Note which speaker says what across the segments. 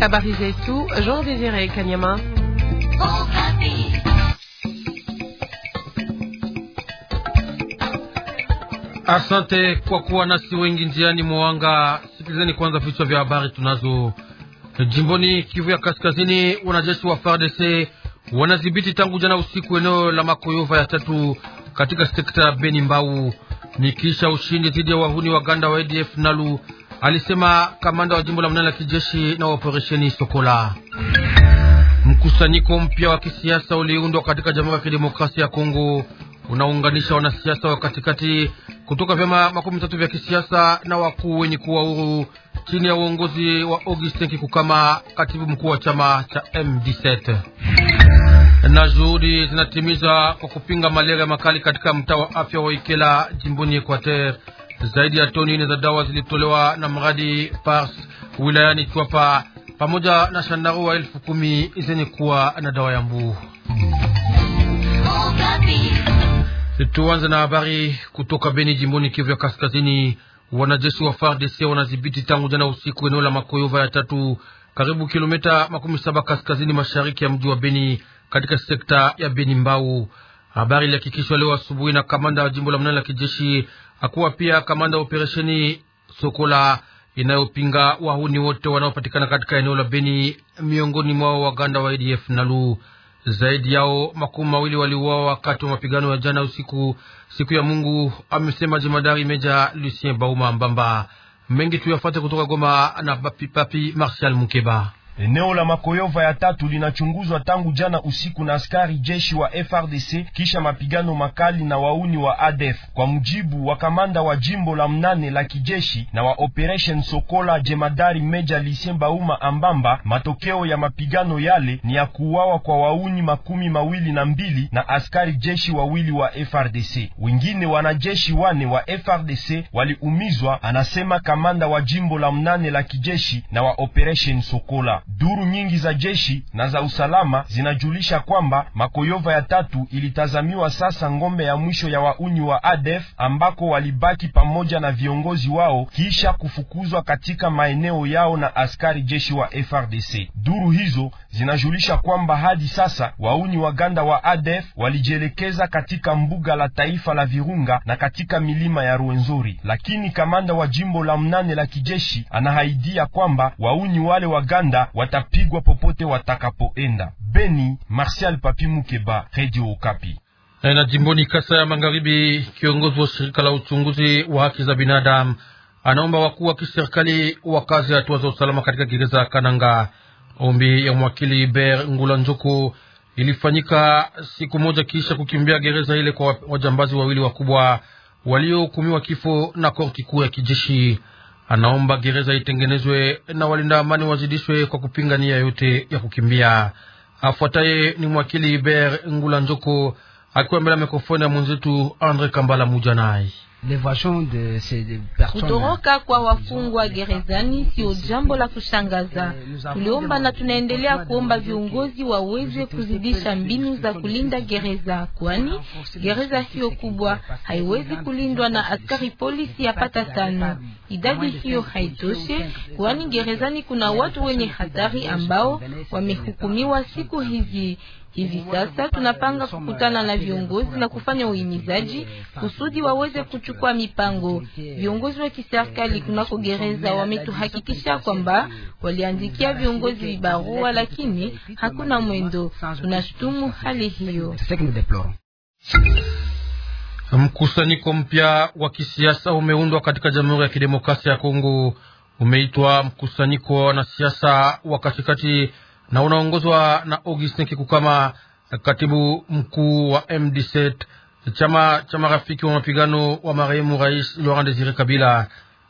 Speaker 1: Habari zetu Jean Désiré Kanyama.
Speaker 2: Asante kwa kuwa nasi wengi njiani mwanga. Sikilizeni kwanza vichwa vya habari tunazo. Jimboni Kivu ya Kaskazini, wanajeshi wa FARDC wanadhibiti tangu jana usiku eneo la Makoyova ya tatu katika sekta ya Beni Mbau, ni kisha ushindi dhidi ya wahuni wa ganda wa ADF Nalu alisema kamanda wa jimbo la mnane la kijeshi na operesheni Sokola. Mkusanyiko mpya wa kisiasa uliundwa katika Jamhuri ya Kidemokrasia ya Kongo unaunganisha wanasiasa wa katikati kutoka vyama makumi tatu vya kisiasa na wakuu wenye kuwa huru chini ya uongozi wa Augustin Kikukama, katibu mkuu wa chama cha M17. Na juhudi zinatimiza kwa kupinga malaria makali katika mtaa wa afya wa Ikela jimboni Equateur. Zaidi ya toni nne za dawa zilitolewa na mradi Fars wilayani Chwapa pamoja na shandarua elfu kumi zenye kuwa na dawa ya mbu. Tuanze na habari kutoka Beni, jimboni Kivu ya Kaskazini. Wanajeshi wa FARDC wanadhibiti tangu jana usiku eneo la Makoyova ya tatu, karibu kilomita makumi saba kaskazini mashariki ya mji wa Beni, katika sekta ya Beni Mbau. Habari ilihakikishwa leo asubuhi na kamanda wa jimbo la mnane la kijeshi, akuwa pia kamanda wa operesheni Sokola inayopinga wahuni wote wanaopatikana katika eneo la Beni, miongoni mwao waganda wa ADF Nalu. Zaidi yao makumi mawili waliuawa wakati wa mapigano ya jana usiku, siku ya Mungu, amesema jemadari meja Lucien Bauma Mbamba. Mengi tuyafate kutoka Goma na papi, papi Martial Mukeba.
Speaker 3: Eneo la Makoyova ya tatu linachunguzwa tangu jana usiku na askari jeshi wa FRDC kisha mapigano makali na wauni wa ADF, kwa mujibu wa kamanda wa jimbo la mnane la kijeshi na wa Operation Sokola jemadari Meja Lisemba Uma Ambamba. Matokeo ya mapigano yale ni ya kuuawa kwa wauni makumi mawili na mbili na askari jeshi wawili wa FRDC. Wengine wanajeshi wane wa FRDC waliumizwa, anasema kamanda wa jimbo la mnane la kijeshi na wa Operation Sokola. Duru nyingi za jeshi na za usalama zinajulisha kwamba Makoyova ya tatu ilitazamiwa sasa ngombe ya mwisho ya wauni wa ADF e ambako walibaki pamoja na viongozi wao kisha kufukuzwa katika maeneo yao na askari jeshi wa FRDC. Duru hizo zinajulisha kwamba hadi sasa wauni waganda wa ADF e walijielekeza katika mbuga la taifa la Virunga na katika milima ya Ruenzori, lakini kamanda wa jimbo la mnane la kijeshi anahaidia kwamba wauni wale waganda watapigwa popote watakapoenda. Beni, Martial Papi Mukeba, Radio Okapi.
Speaker 2: Eh, na jimboni Kasa ya Magharibi, kiongozi wa shirika la uchunguzi wa haki za binadamu anaomba wakuu wa kiserikali wakazi hatua za usalama katika gereza ya Kananga. Ombi ya mwakili Ber Ngula Njuku ilifanyika siku moja kisha kukimbia gereza ile kwa wajambazi wawili wakubwa waliohukumiwa kifo na korti kuu ya kijeshi. Anaomba gereza itengenezwe na walinda amani wazidishwe kwa kupinga nia yote ya kukimbia. Afuataye ni mwakili Hubert Ngula Njoko akiwa mbele ya mikrofoni ya mwenzetu Andre Kambala Mujanai. Kutoroka
Speaker 4: kwa wafungwa gerezani sio jambo la kushangaza. Eh, Tuliomba na tunaendelea kuomba viongozi waweze kuzidisha mbinu za kulinda gereza, kwani gereza hiyo kubwa haiwezi kulindwa na askari polisi yapata tano. Idadi hiyo haitoshe, kwani gerezani kuna watu wenye hatari ambao wamehukumiwa siku hizi. Hivi sasa tunapanga kukutana na viongozi na kufanya uhimizaji kusudi waweze kuchukua kwa mipango. Viongozi wa kiserikali kunako gereza wametuhakikisha kwamba waliandikia viongozi vibarua, lakini hakuna mwendo. Tunashutumu hali hiyo.
Speaker 2: Mkusanyiko mpya wa kisiasa umeundwa katika Jamhuri ya Kidemokrasia ya Kongo, umeitwa mkusanyiko wa wanasiasa wa katikati na unaongozwa na Augustin Kikukama, katibu mkuu wa MDC 7 chama cha marafiki wa mapigano wa marehemu Rais Laurent Desire Kabila.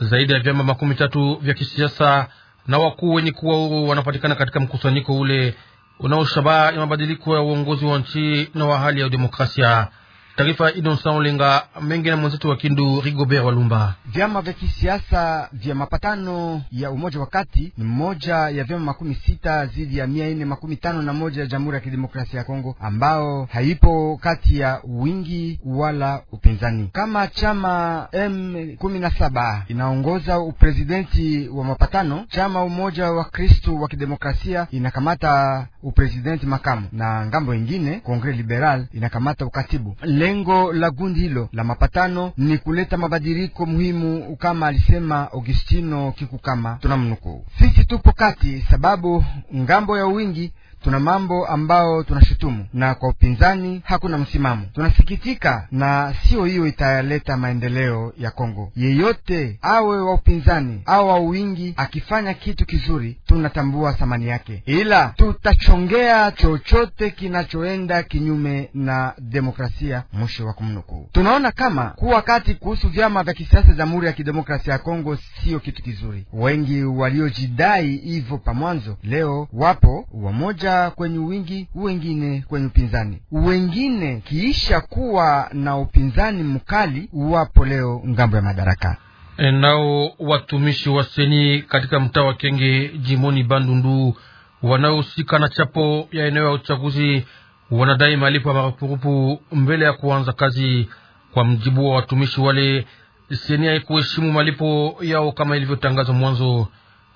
Speaker 2: Zaidi ya vyama makumi tatu vya kisiasa na wakuu wenye kuwa huru wanapatikana katika mkusanyiko ule unaoshabaha ya mabadiliko ya uongozi wa nchi na wa hali ya demokrasia. Taarifa Idon Saolenga mengi na mwenzetu wa Kindu Rigobert Walumba.
Speaker 5: Vyama vya kisiasa vya mapatano ya umoja wa kati ni mmoja ya vyama makumi sita zidi ya mia nne makumi tano na moja ya Jamhuri ya Kidemokrasia ya Kongo ambao haipo kati ya wingi wala upinzani. Kama chama M kumi na saba inaongoza uprezidenti wa mapatano, chama umoja wa Kristu wa kidemokrasia inakamata upresidenti makamu na ngambo ingine Kongre Liberal inakamata ukatibu. Lengo la gundi hilo la mapatano ni kuleta mabadiriko muhimu, kama alisema Augustino Kikukama, tunamnukuu: sisi tupo kati, sababu ngambo ya uwingi tuna mambo ambao tunashutumu, na kwa upinzani hakuna msimamo. Tunasikitika na siyo hiyo itayaleta maendeleo ya Kongo. Yeyote awe wa upinzani au wa uwingi akifanya kitu kizuri tunatambua thamani yake, ila tutachongea chochote kinachoenda kinyume na demokrasia. Mwisho wa kumnukuu. Tunaona kama kuwa kati kuhusu vyama vya kisiasa Jamhuri ya Kidemokrasia ya Kongo siyo kitu kizuri. Wengi waliojidai hivyo pamwanzo leo wapo wamoja kisha kwenye wingi, wengine kwenye upinzani, wengine kiisha kuwa na upinzani mkali, wapo leo ngambo ya madaraka.
Speaker 2: E, nao watumishi wa seni katika mtaa wa Kenge jimoni Bandundu wanaohusika na chapo ya eneo ya uchaguzi wanadai malipo ya marupurupu mbele ya kuanza kazi. Kwa mjibu wa watumishi wale, seni haikuheshimu malipo yao kama ilivyotangazwa mwanzo.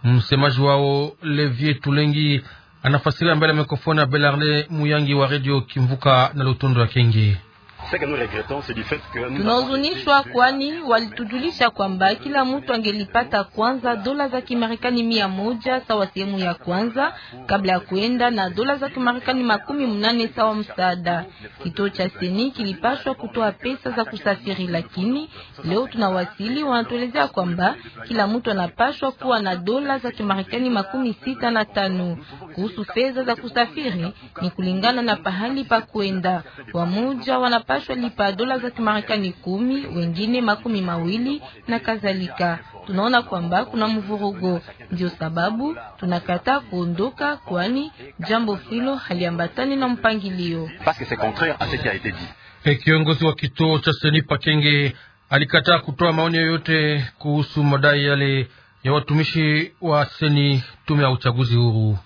Speaker 2: Msemaji wao levie Tulengi anafasiria mbele ya mikrofoni ya Belarde Muyangi wa redio Kimvuka na Lutundu ya Kingi.
Speaker 4: Tunahuzunishwa kwani walitujulisha kwamba kila mtu angelipata kwanza dola za Kimarekani mia moja sawa sehemu ya kwanza kabla ya kuenda na dola za Kimarekani makumi mnane sawa msaada. Kituo cha seni kilipashwa kutoa pesa za kusafiri, lakini leo tunawasili, wanatuelezea kwamba kila mtu anapashwa kuwa na dola za Kimarekani makumi sita na tano. Kuhusu fedha za kusafiri ni kulingana na pahali pa kuenda, wamoja wanapa wanapaswa lipa dola za Kimarekani kumi, wengine makumi mawili na kadhalika. Tunaona kwamba kuna mvurugo, ndio sababu tunakataa kuondoka, kwani jambo hilo haliambatani na mpangilio.
Speaker 2: Eh, kiongozi wa kituo cha Seni Pakenge alikataa kutoa maoni yoyote kuhusu madai yale ya watumishi wa Seni, tume ya uchaguzi huru.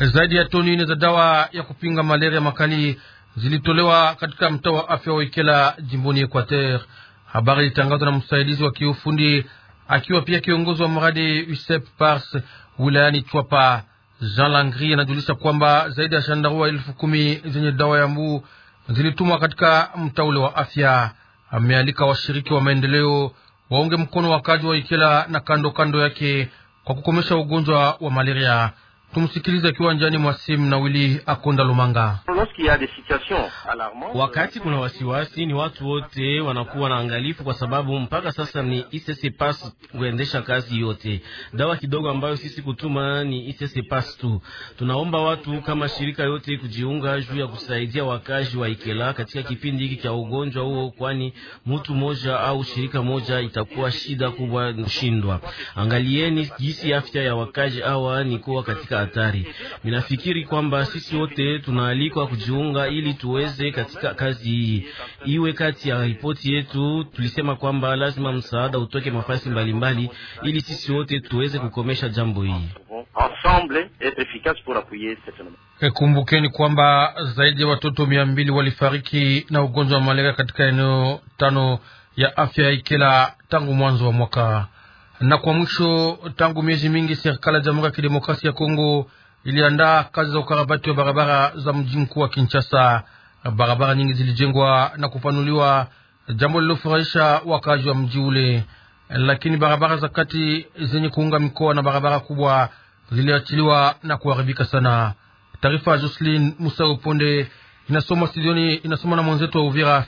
Speaker 2: Zaidi ya toni nne za dawa ya kupinga malaria makali zilitolewa katika mtaa wa afya wa Ikela jimboni Equateur. Habari ilitangazwa na msaidizi wa kiufundi akiwa pia kiongozi wa mradi USEP Pars wilayani Chwapa. Jean Langri anajulisha kwamba zaidi ya shandarua elfu kumi zenye dawa ya mbu zilitumwa katika mtaa ule wa afya. Amealika washiriki wa maendeleo waunge mkono wakazi wa Ikela na kando kando yake kwa kukomesha ugonjwa wa malaria. Tumsikilize kiwa mwa simu na Wili Akonda Lumanga. Wakati kuna wasiwasi, ni watu wote wanakuwa na angalifu, kwa sababu mpaka sasa ni ICC pass
Speaker 1: kuendesha kazi yote. Dawa kidogo ambayo sisi kutuma ni ICC pass tu. Tunaomba watu kama shirika yote kujiunga juu ya kusaidia wakazi wa Ikela katika kipindi hiki cha ugonjwa huo, kwani mtu moja au shirika moja itakuwa shida kubwa kushindwa. Angalieni jinsi afya ya wakazi hawa ni kuwa katika hatari. Ninafikiri kwamba sisi wote tunaalikwa kujiunga ili tuweze katika kazi hii. Iwe kati ya ripoti yetu tulisema kwamba lazima msaada utoke mafasi mbalimbali
Speaker 2: mbali, ili sisi wote tuweze kukomesha jambo hii. Kumbukeni kwamba zaidi ya watoto mia mbili walifariki na ugonjwa wa malaria katika eneo tano ya afya ya Ikela tangu mwanzo wa mwaka. Na kwa mwisho, tangu miezi mingi serikali ya Jamhuri ya Kidemokrasia ya Kongo iliandaa kazi za ukarabati wa barabara za mji mkuu wa Kinshasa. Barabara nyingi zilijengwa na kupanuliwa, jambo lililofurahisha wakazi wa mji ule, lakini barabara za kati zenye kuunga mikoa na barabara kubwa ziliachiliwa na kuharibika sana. Taarifa ya joselin Musa Uponde inasomwa studioni, inasomwa na mwenzetu wa Uvira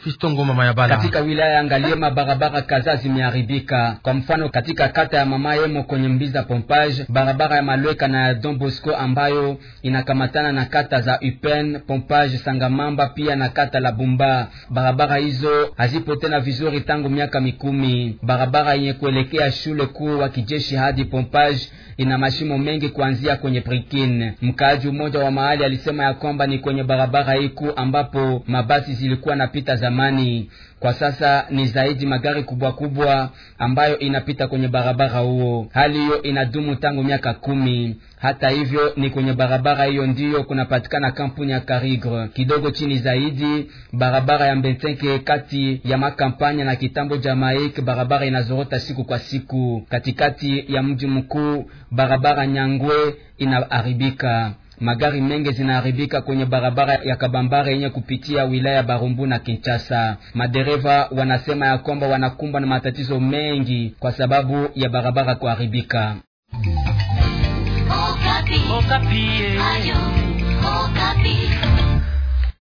Speaker 2: Mama ya Bala. Katika
Speaker 1: wilaya ya Ngaliema barabara kadhaa zimeharibika. Kwa mfano, katika kata ya Mama Yemo kwenye Mbiza Pompage, barabara ya Malweka na ya Don Bosco ambayo inakamatana na kata za Upen, Pompage, Sangamamba pia na kata la Bumba. Barabara hizo hazipo tena vizuri tangu miaka mikumi. Barabara yenye kuelekea shule kuu wa kijeshi hadi Pompage ina mashimo mengi kuanzia kwenye Prikin. Mkaaji mmoja wa mahali alisema ya kwamba ni kwenye barabara hii kuu ambapo mabasi zilikuwa napita zamani. Kwa sasa ni zaidi magari kubwa kubwa ambayo inapita kwenye barabara huo. Hali hiyo inadumu tangu miaka kumi. Hata hivyo, ni kwenye barabara hiyo ndiyo kunapatikana kampuni ya Karigre. Kidogo chini zaidi, barabara ya Mbentenke kati ya makampanya na kitambo Jamaik, barabara inazorota siku kwa siku. Katikati ya mji mkuu, barabara Nyangwe inaharibika. Magari mengi zinaharibika kwenye barabara ya Kabambare yenye kupitia wilaya Barumbu na Kinshasa. Madereva wanasema ya kwamba wanakumbwa na matatizo mengi kwa sababu ya barabara kuharibika.
Speaker 4: Okapi. Okapi. Eh.
Speaker 2: Ayo. Okapi.